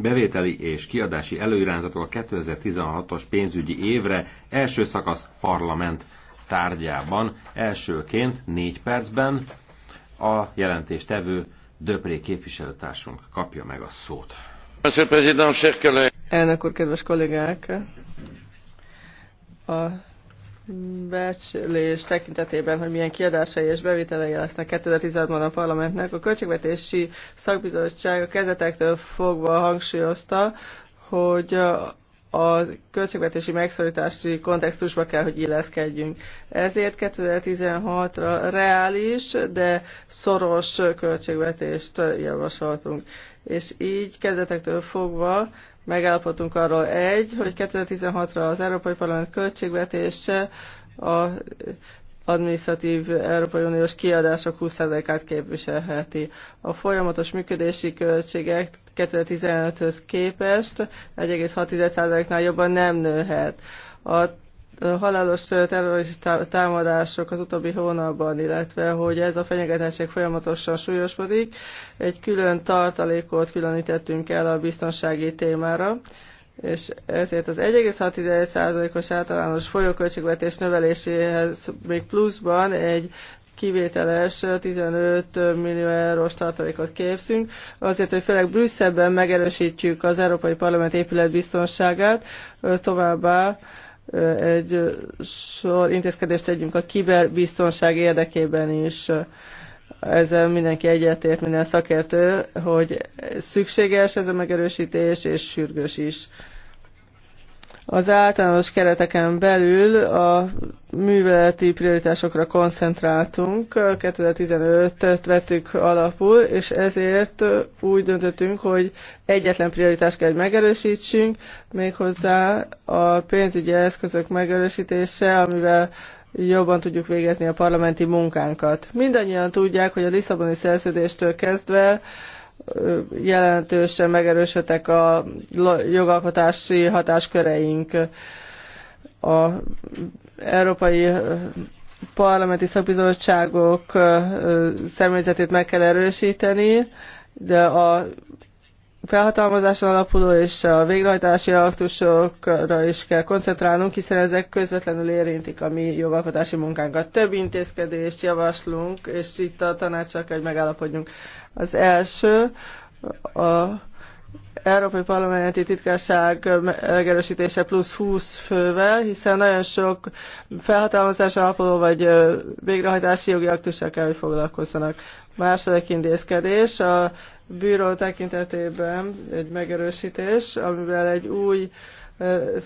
bevételi és kiadási előirányzatok a 2016-os pénzügyi évre első szakasz parlament tárgyában. Elsőként négy percben a jelentéstevő Döpré képviselőtársunk kapja meg a szót. Elnök úr, kedves kollégák! A becslés tekintetében, hogy milyen kiadásai és bevételei lesznek 2016-ban a parlamentnek. A Költségvetési Szakbizottság a kezdetektől fogva hangsúlyozta, hogy a költségvetési megszorítási kontextusba kell, hogy illeszkedjünk. Ezért 2016-ra reális, de szoros költségvetést javasoltunk. És így kezdetektől fogva Megállapodtunk arról egy, hogy 2016-ra az Európai Parlament költségvetése a administratív Európai Uniós kiadások 20%-át képviselheti. A folyamatos működési költségek 2015-höz képest 1,6%-nál jobban nem nőhet. A halálos terrorista támadások az utóbbi hónapban, illetve hogy ez a fenyegetettség folyamatosan súlyosodik, egy külön tartalékot különítettünk el a biztonsági témára, és ezért az 1,6%-os általános folyóköltségvetés növeléséhez még pluszban egy kivételes 15 millió eurós tartalékot képzünk, azért, hogy főleg Brüsszelben megerősítjük az Európai Parlament épület biztonságát, továbbá egy sor intézkedést tegyünk a kiberbiztonság érdekében is. Ezzel mindenki egyetért, minden szakértő, hogy szükséges ez a megerősítés, és sürgős is. Az általános kereteken belül a műveleti prioritásokra koncentráltunk, 2015-öt vettük alapul, és ezért úgy döntöttünk, hogy egyetlen prioritást kell, hogy megerősítsünk, méghozzá a pénzügyi eszközök megerősítése, amivel jobban tudjuk végezni a parlamenti munkánkat. Mindannyian tudják, hogy a Lisszaboni szerződéstől kezdve jelentősen megerősödtek a jogalkotási hatásköreink. A európai parlamenti szakbizottságok személyzetét meg kell erősíteni, de a felhatalmazáson alapuló és a végrehajtási aktusokra is kell koncentrálnunk, hiszen ezek közvetlenül érintik a mi jogalkotási munkánkat. Több intézkedést javaslunk, és itt a tanácsak, hogy megállapodjunk. Az első, a Európai Parlamenti Titkárság megerősítése plusz 20 fővel, hiszen nagyon sok felhatalmazás alapuló vagy végrehajtási jogi aktussal kell, hogy foglalkozzanak. Második intézkedés a bűró tekintetében egy megerősítés, amivel egy új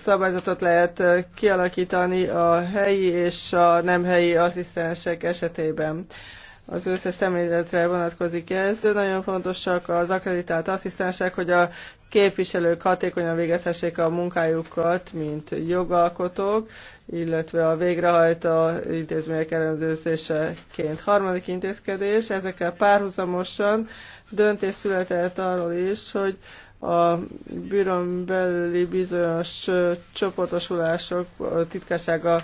szabályzatot lehet kialakítani a helyi és a nem helyi asszisztensek esetében. Az összes személyzetre vonatkozik ez. Nagyon fontosak az akreditált asszisztensek, hogy a képviselők hatékonyan végezhessék a munkájukat, mint jogalkotók, illetve a végrehajtó intézmények ellenőrzéseként. Harmadik intézkedés, ezekkel párhuzamosan döntés született arról is, hogy a bűron belüli bizonyos csoportosulások titkársága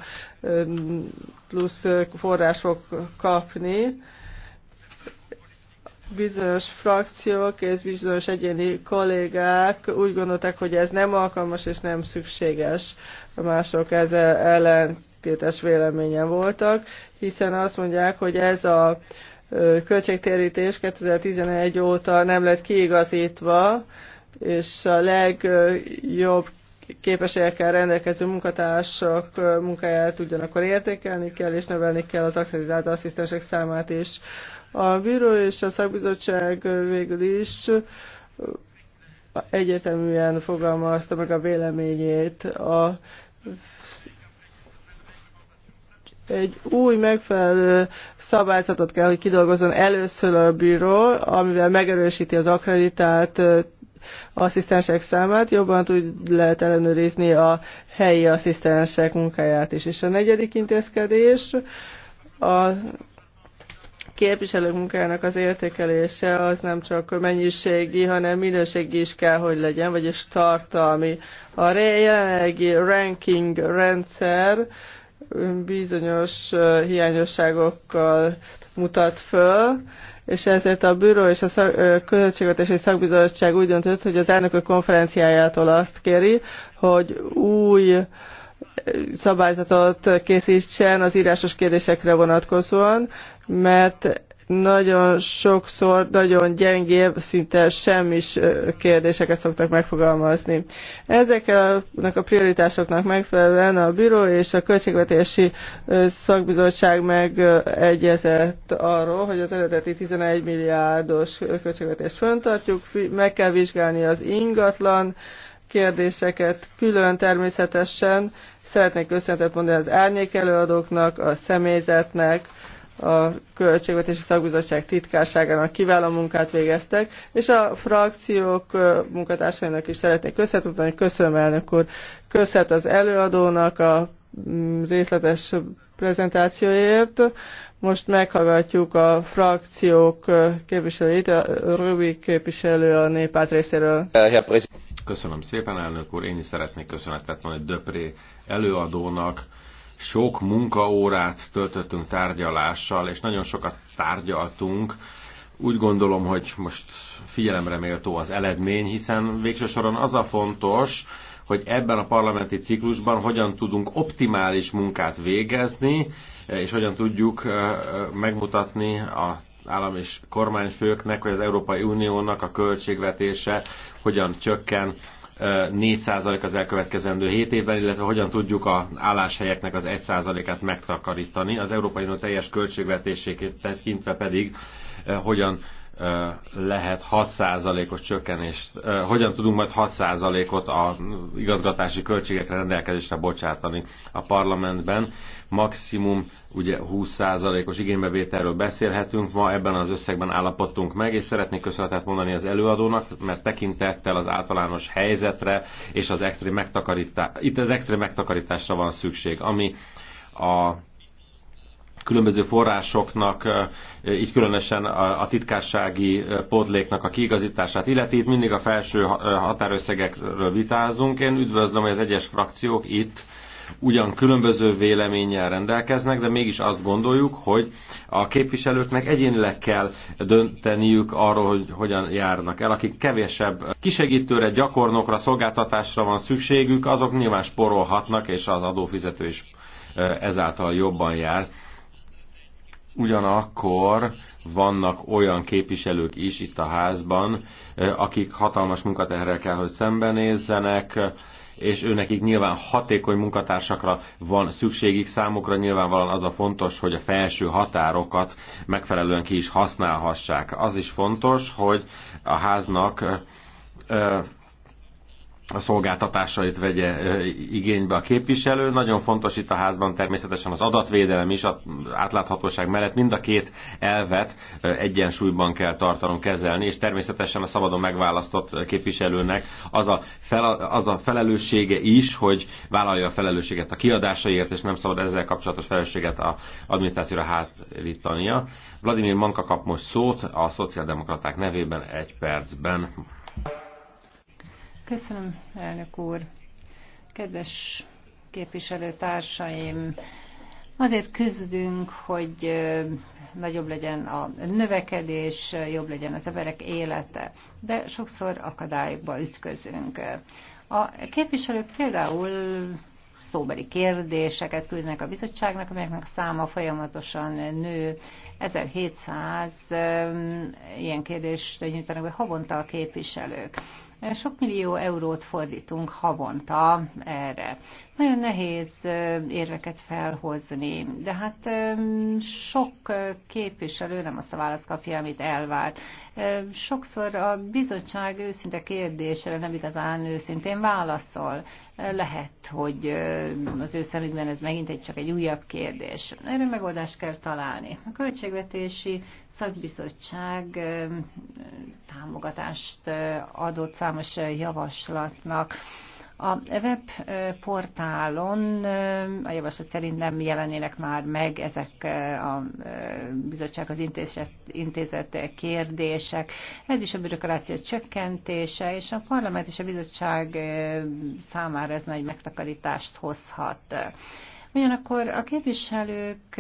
plusz forrás fog kapni, bizonyos frakciók és bizonyos egyéni kollégák úgy gondolták, hogy ez nem alkalmas és nem szükséges. A mások ezzel ellentétes véleményen voltak, hiszen azt mondják, hogy ez a költségtérítés 2011 óta nem lett kiigazítva, és a legjobb képességekkel rendelkező munkatársak munkáját ugyanakkor értékelni kell, és növelni kell az akreditált asszisztensek számát is. A bíró és a szakbizottság végül is egyértelműen fogalmazta meg a véleményét. A egy új megfelelő szabályzatot kell, hogy kidolgozzon először a bíró, amivel megerősíti az akreditált asszisztensek számát, jobban tud lehet ellenőrizni a helyi asszisztensek munkáját is. És a negyedik intézkedés a képviselők munkának az értékelése az nem csak mennyiségi, hanem minőségi is kell, hogy legyen, vagyis tartalmi. A jelenlegi ranking rendszer hm, bizonyos hiányosságokkal mutat föl, és ezért a bűró és a szak, költségvetési szakbizottság úgy döntött, hogy az elnökök konferenciájától azt kéri, hogy új szabályzatot készítsen az írásos kérdésekre vonatkozóan, mert nagyon sokszor nagyon gyengébb, szinte semmis kérdéseket szoktak megfogalmazni. Ezeknek a prioritásoknak megfelelően a bíró és a költségvetési szakbizottság megegyezett arról, hogy az eredeti 11 milliárdos költségvetést föntartjuk, meg kell vizsgálni az ingatlan kérdéseket külön természetesen, Szeretnék köszönetet mondani az árnyék előadóknak, a személyzetnek, a Költségvetési Szakbizottság titkárságának kiváló munkát végeztek, és a frakciók munkatársainak is szeretnék köszönetet mondani, köszönöm elnök úr, köszönet az előadónak a mm, részletes prezentációért. Most meghallgatjuk a frakciók képviselőit, a Rubik képviselő a néppárt részéről. Köszönöm szépen, elnök úr. Én is szeretnék köszönetet mondani Döpré előadónak. Sok munkaórát töltöttünk tárgyalással, és nagyon sokat tárgyaltunk. Úgy gondolom, hogy most figyelemre méltó az eledmény, hiszen végső soron az a fontos, hogy ebben a parlamenti ciklusban hogyan tudunk optimális munkát végezni, és hogyan tudjuk eh, megmutatni a állam és kormányfőknek, hogy az Európai Uniónak a költségvetése hogyan csökken 4% az elkövetkezendő 7 évben, illetve hogyan tudjuk a álláshelyeknek az 1%-át megtakarítani. Az Európai Unió teljes költségvetését tekintve pedig hogyan lehet 6%-os csökkenést, hogyan tudunk majd 6%-ot a igazgatási költségekre rendelkezésre bocsátani a parlamentben. Maximum ugye 20%-os igénybevételről beszélhetünk, ma ebben az összegben állapodtunk meg, és szeretnék köszönetet mondani az előadónak, mert tekintettel az általános helyzetre és az extrém megtakarítás, itt az extrém megtakarításra van szükség, ami a különböző forrásoknak, így különösen a titkársági podléknak a kiigazítását illeti. Itt mindig a felső határösszegekről vitázunk. Én üdvözlöm, hogy az egyes frakciók itt ugyan különböző véleménnyel rendelkeznek, de mégis azt gondoljuk, hogy a képviselőknek egyénileg kell dönteniük arról, hogy hogyan járnak el. Akik kevésebb kisegítőre, gyakornokra, szolgáltatásra van szükségük, azok nyilván sporolhatnak, és az adófizető is ezáltal jobban jár. Ugyanakkor vannak olyan képviselők is itt a házban, eh, akik hatalmas munkaterrel kell, hogy szembenézzenek, és őnekik nyilván hatékony munkatársakra van szükségük, számukra nyilvánvalóan az a fontos, hogy a felső határokat megfelelően ki is használhassák. Az is fontos, hogy a háznak eh, a szolgáltatásait vegye igénybe a képviselő. Nagyon fontos itt a házban természetesen az adatvédelem is, a átláthatóság mellett mind a két elvet egyensúlyban kell tartanom kezelni, és természetesen a szabadon megválasztott képviselőnek az a, fel, az a felelőssége is, hogy vállalja a felelősséget a kiadásaiért, és nem szabad ezzel kapcsolatos felelősséget a adminisztrációra hátrítania Vladimir Manka kap most szót a szociáldemokraták nevében egy percben. Köszönöm, elnök úr. Kedves képviselőtársaim, azért küzdünk, hogy nagyobb legyen a növekedés, jobb legyen az emberek élete, de sokszor akadályokba ütközünk. A képviselők például szóbeli kérdéseket küldnek a bizottságnak, amelyeknek száma folyamatosan nő. 1700 ilyen kérdést nyújtanak be havonta a képviselők. Sok millió eurót fordítunk havonta erre. Nagyon nehéz érveket felhozni, de hát sok képviselő nem azt a választ kapja, amit elvárt. Sokszor a bizottság őszinte kérdésre nem igazán őszintén válaszol. Lehet, hogy az ő szemükben ez megint egy csak egy újabb kérdés. Erre megoldást kell találni. A költségvetési szakbizottság támogatást adott számos javaslatnak. A webportálon a javaslat szerint nem jelenének már meg ezek a bizottság az intézet, intézet kérdések. Ez is a bürokrácia csökkentése, és a parlament és a bizottság számára ez nagy megtakarítást hozhat. Ugyanakkor a képviselők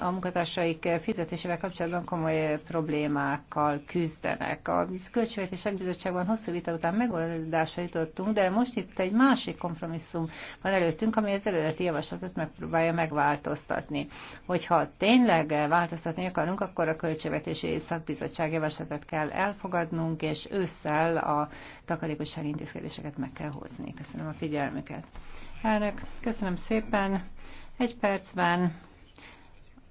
a munkatársaik fizetésével kapcsolatban komoly problémákkal küzdenek. A Költségvetések Bizottságban hosszú vita után megoldásra jutottunk, de most itt egy másik kompromisszum van előttünk, ami az eredeti javaslatot megpróbálja megváltoztatni. Hogyha tényleg változtatni akarunk, akkor a Költségvetési Szakbizottság javaslatot kell elfogadnunk, és ősszel a takarékosság intézkedéseket meg kell hozni. Köszönöm a figyelmüket. Elnök, köszönöm szépen. Egy percben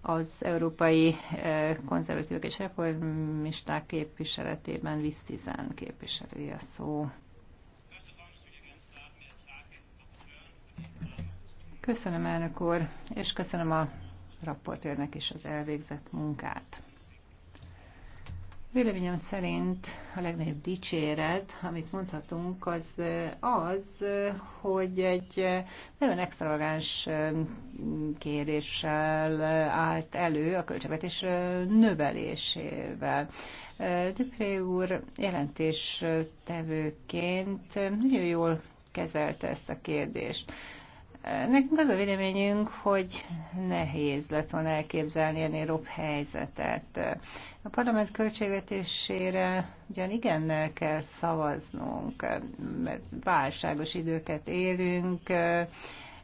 az európai eh, konzervatívok és reformisták képviseletében Lisztizen képviselője szó. Köszönöm, elnök úr, és köszönöm a raportőrnek is az elvégzett munkát. Véleményem szerint a legnagyobb dicséret, amit mondhatunk, az az, hogy egy nagyon extravagáns um, kéréssel állt elő a költségvetés uh, növelésével. Uh, Dupré úr jelentéstevőként nagyon jól kezelte ezt a kérdést. Nekünk az a véleményünk, hogy nehéz lett volna elképzelni ennél jobb helyzetet. A parlament költségvetésére ugyan igennel kell szavaznunk, mert válságos időket élünk,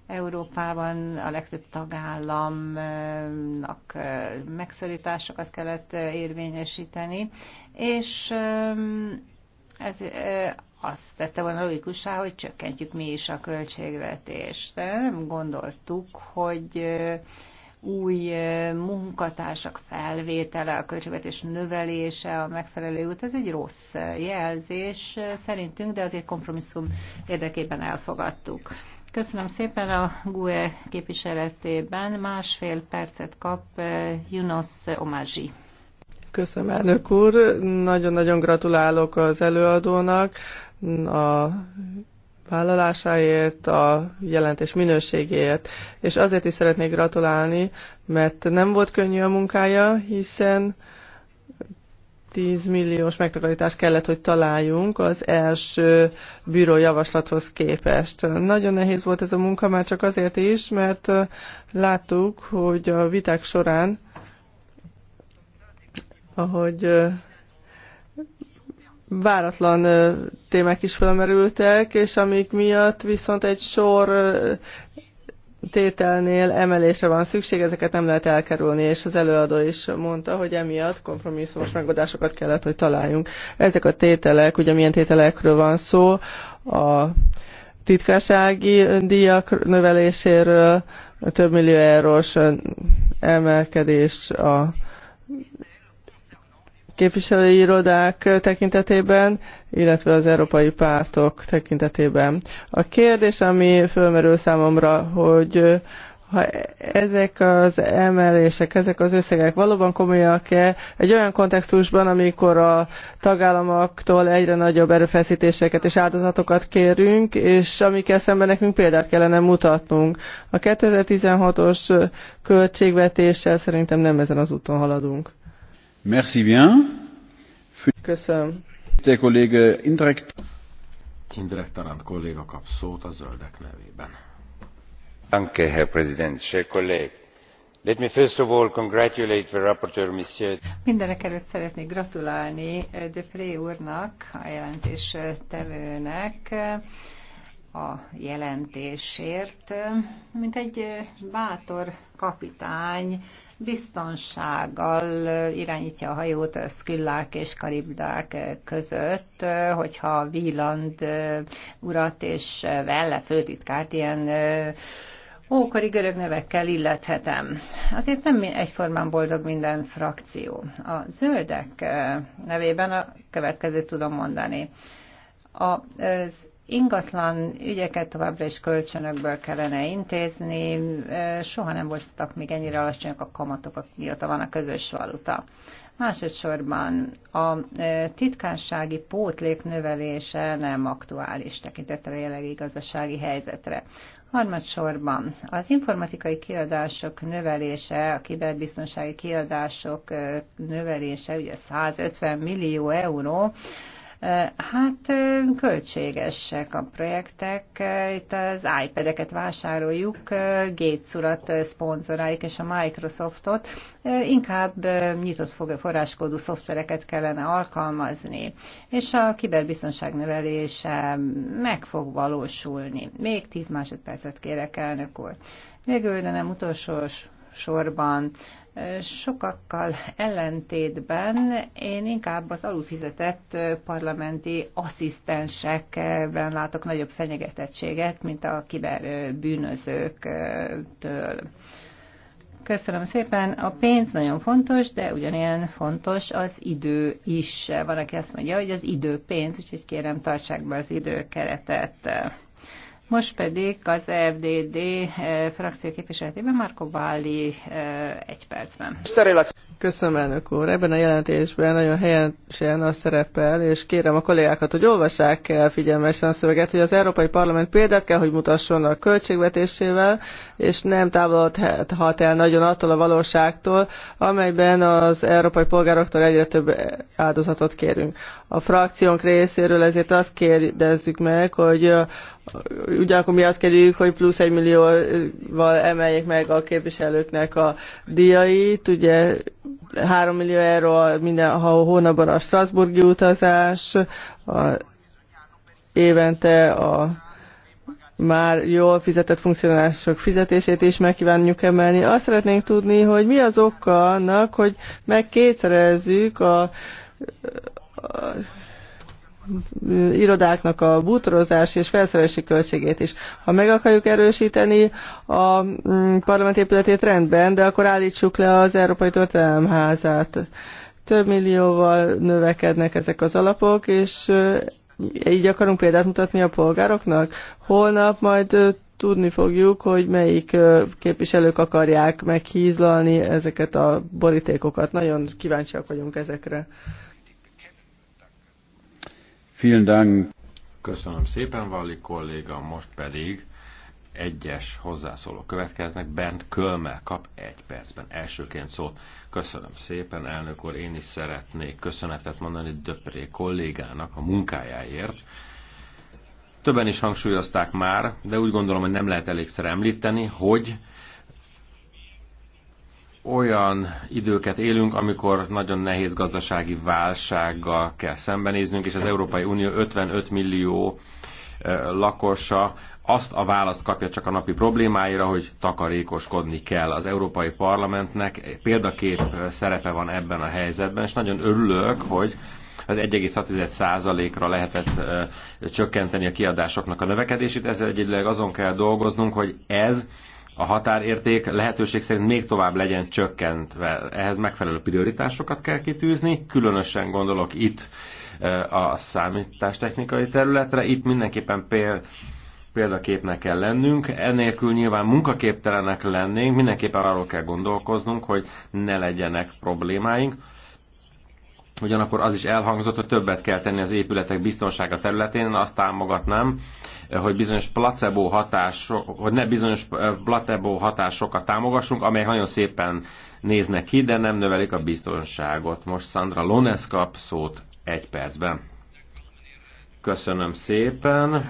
Európában a legtöbb tagállamnak megszorításokat kellett érvényesíteni, és ehm, ez azt tette volna logikusá, hogy csökkentjük mi is a költségvetést. De nem gondoltuk, hogy új munkatársak felvétele, a költségvetés növelése, a megfelelő út, ez egy rossz jelzés szerintünk, de azért kompromisszum érdekében elfogadtuk. Köszönöm szépen a GUE képviseletében. Másfél percet kap Junos Omazsi. Köszönöm, elnök úr. Nagyon-nagyon gratulálok az előadónak a vállalásáért, a jelentés minőségéért, és azért is szeretnék gratulálni, mert nem volt könnyű a munkája, hiszen 10 milliós megtakarítást kellett, hogy találjunk az első bíró javaslathoz képest. Nagyon nehéz volt ez a munka már csak azért is, mert láttuk, hogy a viták során, ahogy váratlan témák is felmerültek, és amik miatt viszont egy sor tételnél emelésre van szükség, ezeket nem lehet elkerülni, és az előadó is mondta, hogy emiatt kompromisszumos megoldásokat kellett, hogy találjunk. Ezek a tételek, ugye milyen tételekről van szó, a titkársági díjak növeléséről, a több millió eurós emelkedés a képviselői irodák tekintetében, illetve az európai pártok tekintetében. A kérdés, ami fölmerül számomra, hogy ha ezek az emelések, ezek az összegek valóban komolyak-e egy olyan kontextusban, amikor a tagállamoktól egyre nagyobb erőfeszítéseket és áldozatokat kérünk, és amikkel szemben nekünk példát kellene mutatnunk. A 2016-os költségvetéssel szerintem nem ezen az úton haladunk. Merci bien. Köszönöm. Te kolléga Indrek. Indrek Tarant kolléga kap szót a zöldek nevében. Danke, Herr Präsident, Herr Kollég. Let me first of all congratulate the rapporteur, Monsieur. Mindenek előtt szeretnék gratulálni eh, Depré úrnak, a jelentés eh, tevőnek eh, a jelentésért. Mint egy bátor kapitány, biztonsággal irányítja a hajót Szküllák és Karibdák között, hogyha Wieland urat és Velle főtitkát ilyen ókori görög nevekkel illethetem. Azért nem egyformán boldog minden frakció. A zöldek nevében a következőt tudom mondani. Az ingatlan ügyeket továbbra is kölcsönökből kellene intézni, soha nem voltak még ennyire alacsonyak a kamatok, mióta van a közös valuta. Másodszorban a titkársági pótlék növelése nem aktuális tekintettel a jelenlegi gazdasági helyzetre. Harmadsorban az informatikai kiadások növelése, a kiberbiztonsági kiadások növelése, ugye 150 millió euró, Hát költségesek a projektek, itt az iPad-eket vásároljuk, Gates urat szponzoráljuk, és a Microsoftot, inkább nyitott forráskódú szoftvereket kellene alkalmazni, és a kiberbiztonság növelése meg fog valósulni. Még 10 másodpercet kérek, elnök úr. Végül, de nem utolsó sorban sokakkal ellentétben én inkább az alulfizetett parlamenti asszisztensekben látok nagyobb fenyegetettséget, mint a kiberbűnözőktől. Köszönöm szépen. A pénz nagyon fontos, de ugyanilyen fontos az idő is. Van, aki azt mondja, hogy az idő pénz, úgyhogy kérem, tartsák be az időkeretet. Most pedig az FDD eh, frakció képviseletében Marko Báli eh, egy percben. Köszönöm, elnök úr. Ebben a jelentésben nagyon helyesen az szerepel, és kérem a kollégákat, hogy olvassák el figyelmesen a szöveget, hogy az Európai Parlament példát kell, hogy mutasson a költségvetésével, és nem távolodhat el nagyon attól a valóságtól, amelyben az európai polgároktól egyre több áldozatot kérünk. A frakciónk részéről ezért azt kérdezzük meg, hogy ugyanakkor mi azt kérjük, hogy plusz egy millióval emeljék meg a képviselőknek a díjait. Ugye 3 millió euró minden ha a hónapban a Strasburgi utazás, a, évente a már jól fizetett funkcionálisok fizetését is megkívánjuk emelni. Azt szeretnénk tudni, hogy mi az oka annak, hogy meg a irodáknak a bútorozás és felszerelési költségét is. Ha meg akarjuk erősíteni a mm, parlament épületét rendben, de akkor állítsuk le az Európai Történelemházát. Több millióval növekednek ezek az alapok, és így akarunk példát mutatni a polgároknak. Holnap majd tudni fogjuk, hogy melyik képviselők akarják meghízlalni ezeket a borítékokat. Nagyon kíváncsiak vagyunk ezekre. Vielen Dank. Köszönöm szépen, Valli kolléga, most pedig egyes hozzászóló következnek. Bent Kölmel kap egy percben elsőként szót. Köszönöm szépen, elnök úr, én is szeretnék köszönetet mondani Döpré kollégának a munkájáért. Többen is hangsúlyozták már, de úgy gondolom, hogy nem lehet elégszer említeni, hogy olyan időket élünk, amikor nagyon nehéz gazdasági válsággal kell szembenéznünk, és az Európai Unió 55 millió lakosa azt a választ kapja csak a napi problémáira, hogy takarékoskodni kell. Az Európai Parlamentnek példakép szerepe van ebben a helyzetben, és nagyon örülök, hogy az 1,6%-ra lehetett csökkenteni a kiadásoknak a növekedését, ezzel egyedileg azon kell dolgoznunk, hogy ez a határérték lehetőség szerint még tovább legyen csökkentve. Ehhez megfelelő prioritásokat kell kitűzni, különösen gondolok itt e, a számítástechnikai területre. Itt mindenképpen péld, példaképnek kell lennünk, enélkül nyilván munkaképtelenek lennénk, mindenképpen arról kell gondolkoznunk, hogy ne legyenek problémáink. Ugyanakkor az is elhangzott, hogy többet kell tenni az épületek biztonsága területén, azt támogatnám, hogy bizonyos placebo hatások, hogy ne bizonyos eh, placebo hatásokat támogassunk, amelyek nagyon szépen néznek ki, de nem növelik a biztonságot. Most Sandra Lones kap szót egy percben. Köszönöm szépen, eh,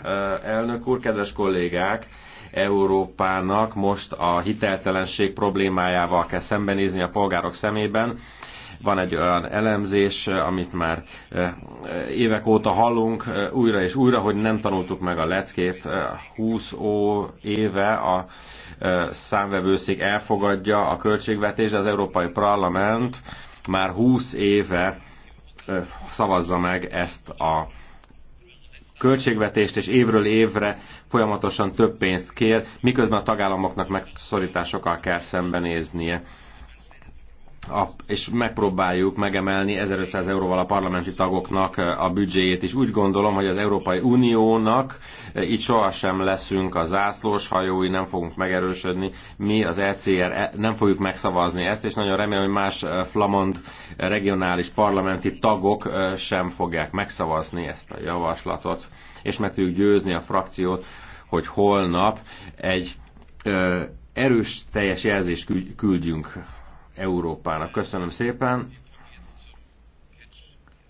elnök úr, kedves kollégák! Európának most a hiteltelenség problémájával kell szembenézni a polgárok szemében van egy olyan elemzés, amit már eh, eh, évek óta hallunk eh, újra és újra, hogy nem tanultuk meg a leckét. 20 ó éve a számvevőszék elfogadja a költségvetést, az Európai Parlament már 20 éve szavazza meg ezt a költségvetést, és évről évre folyamatosan több pénzt kér, miközben a tagállamoknak megszorításokkal kell szembenéznie a, és megpróbáljuk megemelni 1500 euróval a parlamenti tagoknak a büdzséjét is. Úgy gondolom, hogy az Európai Uniónak itt sohasem leszünk a zászlós hajói, nem fogunk megerősödni. Mi az ECR e, nem fogjuk megszavazni ezt, és nagyon remélem, hogy más flamand regionális parlamenti tagok sem fogják megszavazni ezt a javaslatot, és meg tudjuk győzni a frakciót, hogy holnap egy erős teljes jelzést küldjünk Európának. Köszönöm szépen!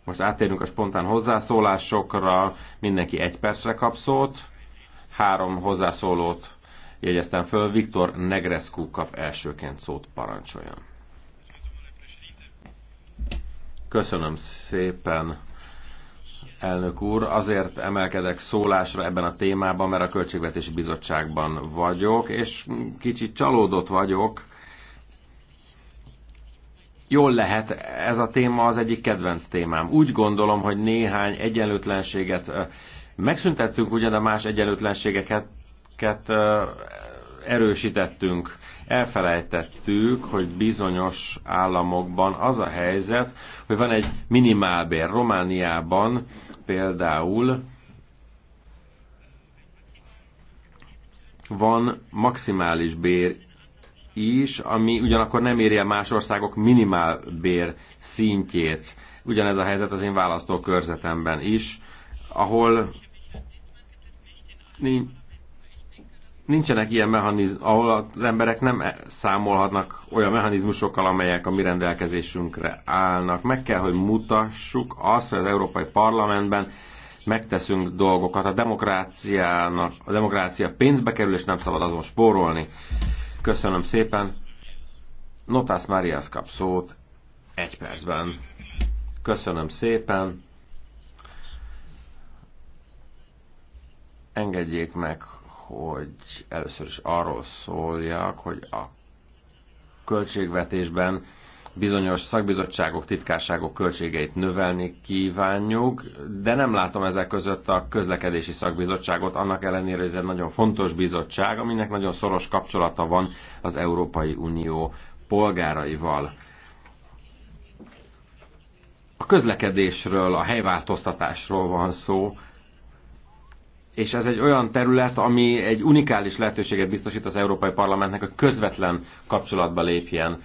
Most áttérünk a spontán hozzászólásokra, mindenki egy percre kap szót, három hozzászólót jegyeztem föl, Viktor Negrescu kap elsőként szót, parancsoljon. Köszönöm szépen, elnök úr. Azért emelkedek szólásra ebben a témában, mert a Költségvetési Bizottságban vagyok, és kicsit csalódott vagyok, jól lehet ez a téma az egyik kedvenc témám. Úgy gondolom, hogy néhány egyenlőtlenséget megszüntettünk, ugyan a más egyenlőtlenségeket erősítettünk. Elfelejtettük, hogy bizonyos államokban az a helyzet, hogy van egy minimálbér. Romániában például van maximális bér is, ami ugyanakkor nem éri el más országok minimálbér szintjét. Ugyanez a helyzet az én választókörzetemben is, ahol nincsenek ilyen mechanizmusok, ahol az emberek nem e- számolhatnak olyan mechanizmusokkal, amelyek a mi rendelkezésünkre állnak. Meg kell, hogy mutassuk azt, hogy az Európai Parlamentben megteszünk dolgokat. A demokráciának, a demokrácia pénzbe kerül, és nem szabad azon spórolni. Köszönöm szépen. Notás Marias kap szót egy percben. Köszönöm szépen. Engedjék meg, hogy először is arról szóljak, hogy a költségvetésben bizonyos szakbizottságok, titkárságok költségeit növelni kívánjuk, de nem látom ezek között a közlekedési szakbizottságot, annak ellenére, hogy ez egy nagyon fontos bizottság, aminek nagyon szoros kapcsolata van az Európai Unió polgáraival. A közlekedésről, a helyváltoztatásról van szó, és ez egy olyan terület, ami egy unikális lehetőséget biztosít az Európai Parlamentnek, hogy közvetlen kapcsolatba lépjen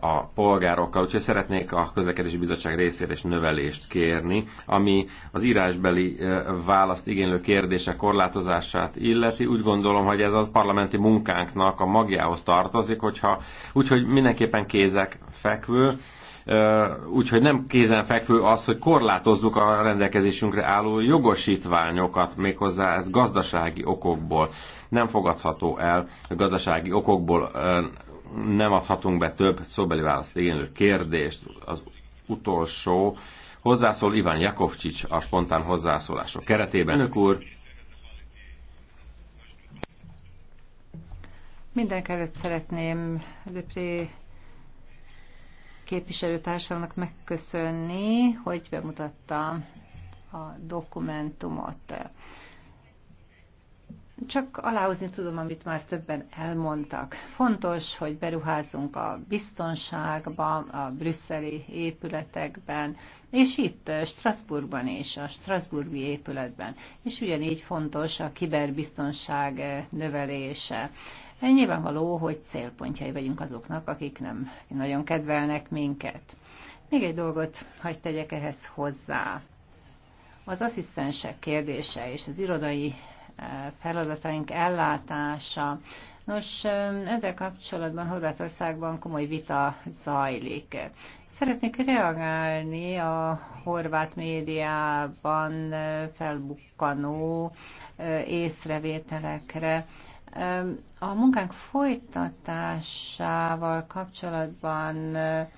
a polgárokkal. Úgyhogy szeretnék a közlekedési bizottság részére is növelést kérni, ami az írásbeli választ igénylő kérdése korlátozását illeti. Úgy gondolom, hogy ez a parlamenti munkánknak a magjához tartozik, hogyha úgyhogy mindenképpen kézek fekvő, úgyhogy nem kézenfekvő az, hogy korlátozzuk a rendelkezésünkre álló jogosítványokat, méghozzá ez gazdasági okokból. Nem fogadható el, gazdasági okokból nem adhatunk be több szóbeli választ igénylő kérdést. Az utolsó hozzászól Iván Jakovcsics a spontán hozzászólások keretében. Önök úr, Mindenkelőtt szeretném Lepré képviselőtársamnak megköszönni, hogy bemutatta a dokumentumot. Csak aláhozni tudom, amit már többen elmondtak. Fontos, hogy beruházunk a biztonságba, a brüsszeli épületekben, és itt eh, Strasbourgban is, a Strasbourgi épületben. És ugyanígy fontos a kiberbiztonság eh, növelése. Hát nyilvánvaló, hogy célpontjai vagyunk azoknak, akik nem nagyon kedvelnek minket. Még egy dolgot hagyd tegyek ehhez hozzá. Az asszisztensek kérdése és az irodai eh, feladataink ellátása. Nos, ezzel kapcsolatban Horvátországban komoly vita zajlik. Szeretnék reagálni a horvát médiában eh, felbukkanó eh, észrevételekre. A munkánk folytatásával kapcsolatban eh,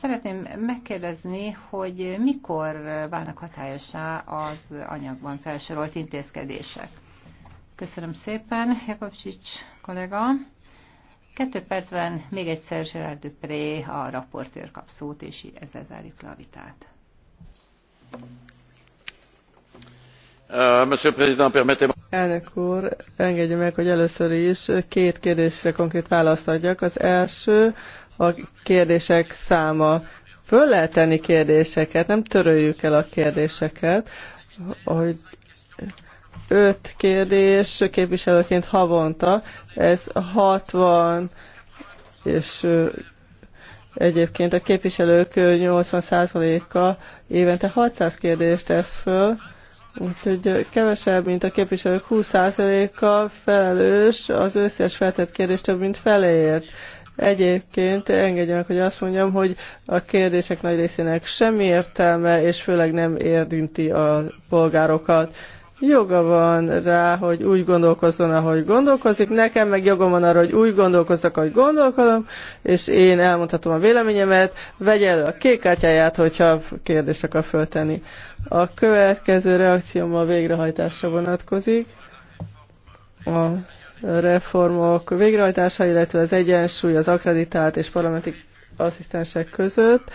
szeretném megkérdezni, hogy mikor válnak hatályosá az anyagban felsorolt intézkedések. Köszönöm szépen, Jakobcsics kollega. Kettő percben még egyszer Gerard Dupré, a raportőr kap szót, és ezzel zárjuk le a vitát. Uh, monsieur le Président, permettez-moi Elnök úr, engedje meg, hogy először is két kérdésre konkrét választ adjak. Az első a kérdések száma. Föl lehet tenni kérdéseket, nem töröljük el a kérdéseket, hogy öt kérdés képviselőként havonta, ez 60 és egyébként a képviselők 80%-a évente 600 kérdést tesz föl, Úgyhogy kevesebb, mint a képviselők 20%-a felelős az összes feltett kérdés több, mint feleért. Egyébként engedje meg, hogy azt mondjam, hogy a kérdések nagy részének semmi értelme, és főleg nem érdinti a polgárokat joga van rá, hogy úgy gondolkozzon, ahogy gondolkozik. Nekem meg jogom van arra, hogy úgy gondolkozzak, ahogy gondolkodom, és én elmondhatom a véleményemet. Vegye elő a kék kártyáját, hogyha kérdést akar föltenni. A következő reakcióm a végrehajtásra vonatkozik. A reformok végrehajtása, illetve az egyensúly az akreditált és parlamenti asszisztensek között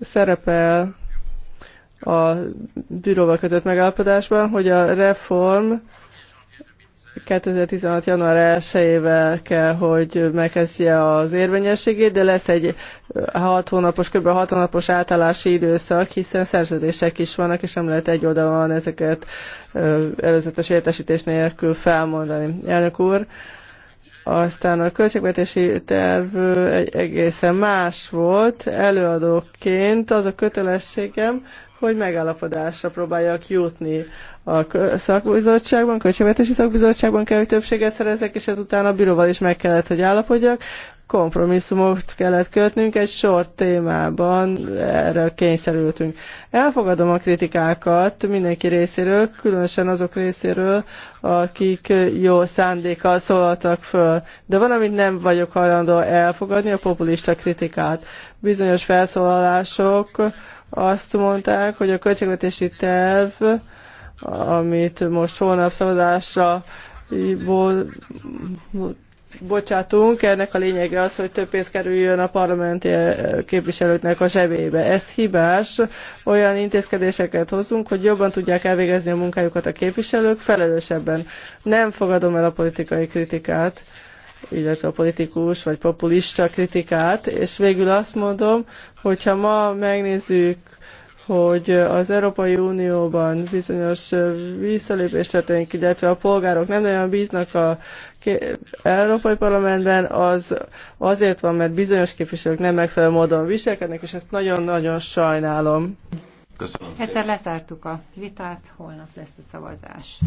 szerepel a bíróval kötött megállapodásban, hogy a reform 2016. január 1-ével kell, hogy megkezdje az érvényességét, de lesz egy 6 hónapos, kb. 6 hónapos átállási időszak, hiszen szerződések is vannak, és nem lehet egy oldalon ezeket előzetes értesítés nélkül felmondani. Elnök úr, aztán a költségvetési terv egy egészen más volt. Előadóként az a kötelességem, hogy megállapodásra próbáljak jutni a szakbizottságban, költségvetési szakbizottságban kell, hogy többséget szerezek, és ezután a bíróval is meg kellett, hogy állapodjak. Kompromisszumot kellett kötnünk egy sor témában, erre kényszerültünk. Elfogadom a kritikákat mindenki részéről, különösen azok részéről, akik jó szándékkal szólaltak föl. De van, amit nem vagyok hajlandó elfogadni, a populista kritikát. Bizonyos felszólalások, azt mondták, hogy a költségvetési terv, amit most holnap szavazásra bocsátunk, ennek a lényege az, hogy több pénz kerüljön a parlamenti eh, képviselőknek a zsebébe. Ez hibás. Olyan intézkedéseket hozunk, hogy jobban tudják elvégezni a munkájukat a képviselők felelősebben. Nem fogadom el a politikai kritikát illetve a politikus vagy populista kritikát, és végül azt mondom, hogyha ma megnézzük, hogy az Európai Unióban bizonyos visszalépés történik, illetve a polgárok nem nagyon bíznak a Európai Parlamentben, az azért van, mert bizonyos képviselők nem megfelelő módon viselkednek, és ezt nagyon-nagyon sajnálom. Köszönöm. Ezzel lezártuk a vitát, holnap lesz a szavazás.